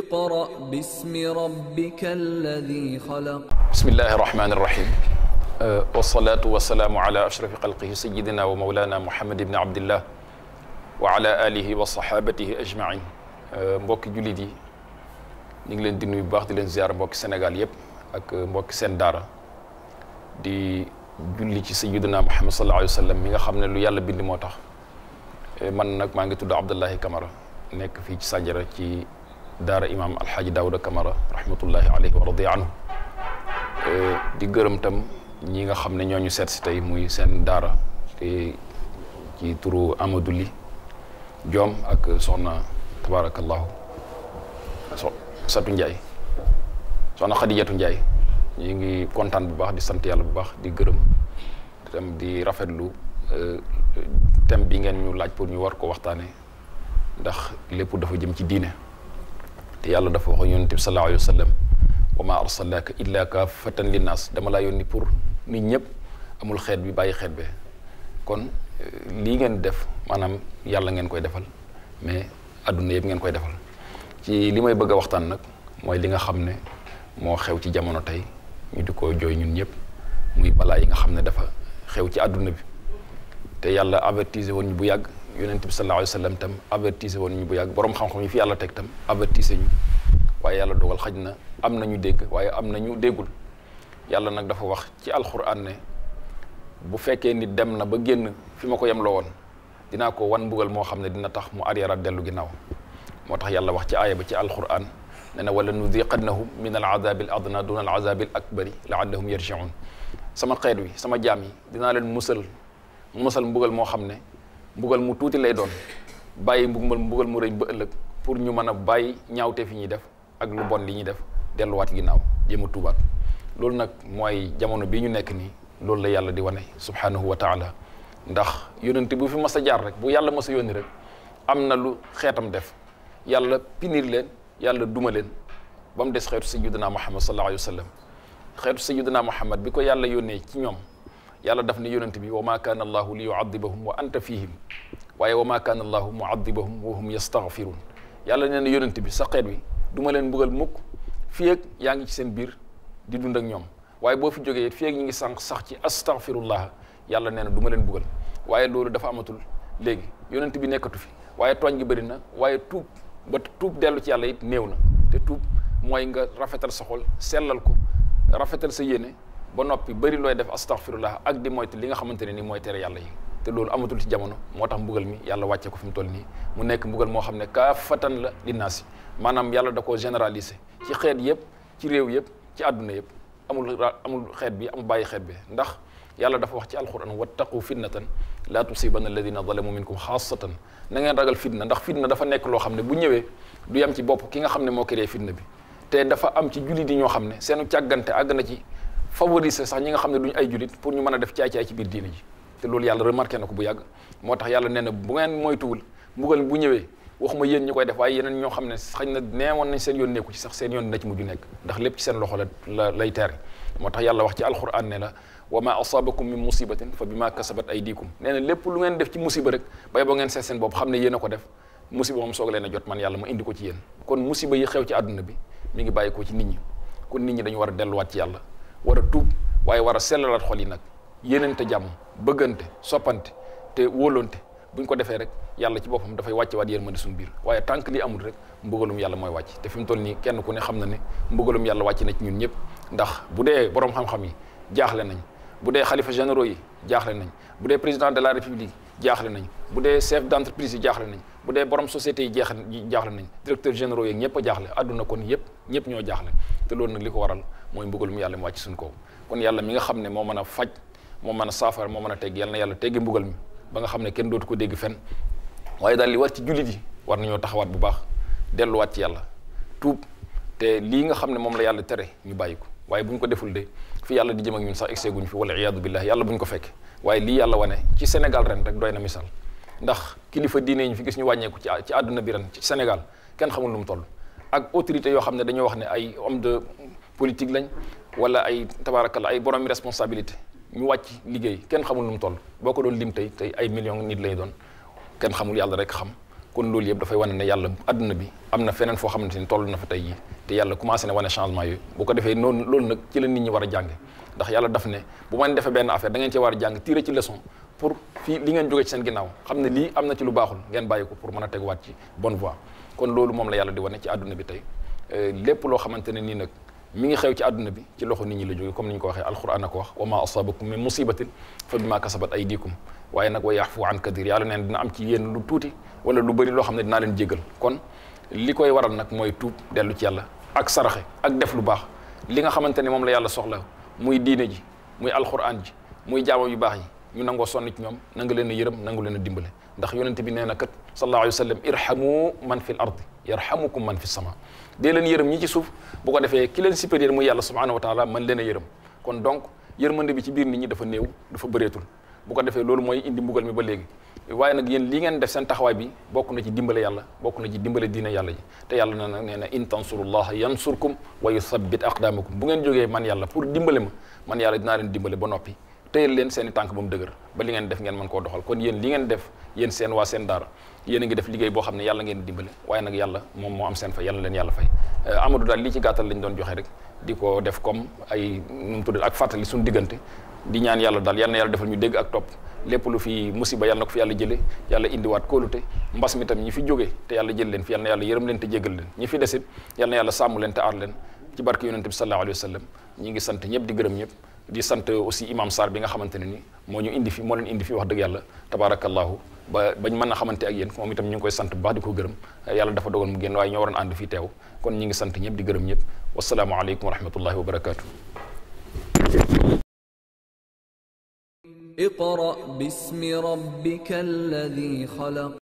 اقرأ باسم ربك الذي خلق بسم الله الرحمن الرحيم أه، والصلاة والسلام على أشرف خلقه سيدنا ومولانا محمد بن عبد الله وعلى آله وصحابته أجمعين مبوك جليدي نجلن دي نوي باخ دي مبوك سنغال يب اك مبوك سندارا دي جولي تي سيدنا محمد صلى الله عليه وسلم ميغا خامن لو يالا بيندي موتاخ من نك ماغي تود عبد الله كامرا نيك في تي ساجرا Imam Al Hajj daoud kamara rahmatullahi alayhi wa radi anhu eh, di geureum tam ñi nga xamne ñoñu set ci tay muy sen dara te ci turu Amadou li jom ak soxna tabarakallah so Satu Njaay soxna khadijatu Njaay ñi ngi contane bu baax di sante yalla bu baax di geureum tam di rafetlu eh, tam bi ngeen ñu laaj pour ñu war ko waxtane ndax lepp dafa jëm ci diine te yàlla dafa wax yonent bi sallallahu alayhi wa sallam wa maa arsalnaaka illaa kaafatan linnaas dama laa yónni pour nit ñëpp amul xeet bi bàyyi xeet be kon lii ngeen def maanaam yàlla ngeen koy defal mais adduna yëpp ngeen koy defal ci li may bëgg a waxtaan nag mooy li nga xam ne moo xew ci jamono tey ñu di ko jooy ñun ñëpp muy balaa yi nga xam ne dafa xew ci àdduna bi te yàlla avertise woon ñu bu yàgg يونتي صلى الله عليه وسلم تم افيرتيسي وون ني بو ياغ بروم خام خام في الله تك تم افيرتيسي ني واي يالا دوغال خاجنا امنا ني ديغ واي امنا ني ديغول يالا نك دافا واخ تي القران ني بو فكي نيت دم نا با ген في ماكو يام لوون دينا كو وان بوغال مو خامني دينا تاخ مو اريرا دلو غيناو موتاخ يالا واخ تي ايه با تي القران نانا ولا نذيقنهم من العذاب الادنى دون العذاب الاكبر لعلهم يرجعون سما قيد سما جامي دينا لن موسل موسل مبوغال مو خامني mbugal mu tuuti lay doon bàyyi mbugal mbugal mu rëy ba ëllëg pour ñu mën a bàyyi ñaawtee fi ñuy def ak lu bon li ñuy def delluwaat ginnaaw jéem a tuubaat loolu nag mooy jamono bii ñu nekk nii loolu la yàlla di wane subhanahu wa taala ndax yónent bu fi mas a jaar rek bu yàlla ma sa yónni rek am na lu xeetam def yàlla pinir leen yàlla duma leen ba mu des xeetu sayyidina Muhammad sa alayhi wa sallam xeetu sayyidina Muhammad bi ko yàlla yónnee ci ñoom yàlla daf ne yonent bi wa maa kaana allaahu li yuadibahum wa anta fihim waaye wa maa kaana allaahu muadibahum wa hum yastaghfirun yàlla nee na yonent bi sa xeet wi du ma leen mbugal mukk fii ak yaa ngi ci seen biir di dund ak ñoom waaye boo fi jógee fii ak ñi ngi sànq sax ci astaghfirullah yàlla nee na du ma leen mbugal waaye loolu dafa amatul léegi yonent bi nekkatu fi waaye tooñ gi bëri na waaye tuub ba tuub dellu ci yàlla it néew na te tuub mooy nga rafetal sa xol sellal ko rafetal sa yéene ba noppi bëri looy def astaghfirullah ak di moytu li nga xamante ne ni mooy tere yàlla yi te loolu amatul ci jamono moo tax mbugal mi yàlla wàccee ko fi mu mu nekk mbugal moo xam ne kaafatan la linnaasi maanaam yàlla da généraliser ci xeet yëpp ci réew yëpp ci àdduna yëpp amul amul xeet bi amul bàyyi xeet bi ndax yàlla dafa wax ci alquran wattaqu fitnatan laa tusibanna alladina zalamu minkum xaasatan na ngeen ragal fitna ndax fitna dafa nekk loo xam ne bu ñëwee du yam ci bopp ki nga xam ne moo fitna bi te dafa am ci jullit yi ñoo xam ne seenu càggante na ci favoriser sax ñi nga xamne ne duñ ay julit pour ñu mëna def caay-caay ci biir diine ji te loolu yàlla remarqué nako bu yàgg motax yàlla nee bu ngeen moytuul mbugal bu ñëwé waxuma yéen ñukoy def way yeneen ño xamne ne xañ na neewoon nañ seen yoon neeku ci sax seen yoon na ci muju nekk ndax lépp ci seen loxo la lay ter motax yàlla wax ci alquran ne la wa ma asabakum min musibatin fa bima kasabat aydikum nee na lépp lu ngeen def ci musiba rek bay ba ngeen seet seen bopp xam ne yéen a ko def musiba moom soog leen a jot man yàlla ma indi ko ci yéen kon musiba yi war a tuub waaye war a sellalaat xol yi nag yéenante jàmm bëggante soppante te wóolonte ñu ko defee rek yàlla ci boppam dafay wàcce waat di suñ biir waaye tànk li amul rek mbugalum yàlla mooy wàcc te fi toll nii kenn ku ne xam na ne mbugalum yàlla wàcc na ñun ñëpp ndax bu dee borom xam-xam yi jaaxle nañ bu dee xalifa généraux yi jaaxle nañ bu dee président de la république jaaxle nañ bu dee chef d'entreprise yi jaaxle nañ bu dee borom société yi jeex jaaxle nañ directeur généraux yeeg ñëpp a jaaxle àdduna yëpp ñëpp ñoo jaaxle te loolu nag li ko waral mooy mbugalum yàlla mu wàcc suñ kaw kon yàlla mi nga xam ne moo mën a faj moo mën a saafara moo mën a tegg yàlla na yàlla teggi mbugal mi ba nga xam ne kenn dootu ko dégg fenn waaye daal li war ci jullit yi war nañoo taxawaat bu baax delluwaat ci yàlla tuub te lii nga xam ne moom la yàlla tere ñu bàyyi ko waaye bu ñu ko deful de fi yàlla di jëm ak ñun sax egsee guñ fi wala iyaadu billah yàlla bu ñu ko fekke waaye lii yàlla wane ci Sénégal ren rek doy na misaal ndax kilifa diine ñu fi gis ñu wàññeeku ci ci àdduna bi ren ci Sénégal kenn xamul lu mu toll ak autorité yoo xam ne dañoo wax ne ay homme de politique lañ wala ay tabaarakalla ay borom responsabilité ñu wàcc liggéey kenn xamul nu mu toll boo ko doon lim tey tey ay millions nit lay doon kenn xamul yàlla rek xam kon loolu dafay wane ne yàlla àdduna bi am na feneen foo xamante ni toll na fa tey jii te yàlla commencé na wane changement yooyu bu ko defee noonu loolu nag ci la nit ñi war a ndax yàlla daf ne bu ma defee benn affaire da cee war a jàng tiré ci leçon pour fii li ngeen jóge ci seen xam ne lii am na ci lu baaxul ngeen bàyyi ko pour mën a teguwaat ci bonne voie kon loolu moom la yàlla di wane ci àdduna bi tey euh, lépp loo xamante ne nii nag mi ngi xew ci àdduna bi ci loxo nit ñi la jóge comme ni ko waxee alquran a wax wa maa asabakum min musibatin fa bimaa kasabat aydikum waaye nag wa yaafu an kadir yàlla neen dina am ci yéen lu tuuti wala lu bëri loo xam ne leen jégal kon li koy waral nag mooy tuub dellu ci yàlla ak saraxe ak def lu baax li nga xamante ne la yàlla soxla muy diine ji muy alquran ji muy jaamam yu baax yi ñu nango sonni ci ñom nanga leen yeeram yërëm nanga leen dimbale ndax yonent bi neena kat sallallahu alayhi wasallam irhamu man fil ard yarhamukum man fis sama de leen yeeram ñi ci suuf bu ko defee ki leen supérieur mu yàlla subhanahu wa taala man leen yeeram kon donc yeermande bi ci biir nit ñi dafa néew dafa bëreetul bu ko defee loolu moy indi mbugal mi ba léegi waye nak yéen li ngeen def sen taxaway bi bokku na ci dimbale yàlla bokku na ci dimbale diine yàlla ji te yàlla na neena in tansurullah yansurkum wa yuthabbit aqdamakum bu ngeen jógee man yàlla pour dimbale ma man yàlla dina len dimbale ba noppi téyal leen seen i tànk ba mu dëgër ba li ngeen def ngeen mën koo doxal kon yéen li ngeen def yéen seen waa seen daara yéen a ngi def liggéey boo xam ne yàlla ngeen dimbale waaye nag yàlla moom moo am seen fay yàlla leen yàlla fay eh, Amadou daal lii ci gàttal lañ di ko def comme ay ak fàttali suñu diggante di ñaan yàlla daal yal na yàlla defal ñu dégg ak topp lépp lu fi musiba yàlla na ko fi yàlla jële yàlla indiwaat kóolute mbas mi tam ñi fi jóge te yàlla jël leen fi yàlla na yàlla yërëm leen te jégal leen ñi fi desit yàlla na yàlla sàmm leen te aar leen ci ngi sant ñëpp di gërëm ñëpp di sant aussi imam Sarr bi nga xamante ne ni moo ñu indi fi moo leen indi fi wax dëgg yàlla tabaarakallaahu ba bañ mën a xamante ak yéen moom itam ñu ngi koy sant bu baax di ko gërëm yàlla dafa dogal mu génn waaye ñoo waroon ànd fii teew kon ñu ngi sant ñëpp di gërëm ñëpp wasalaamualeykum wa rahmatullahi wa barakaatu. iqra bismi rabbika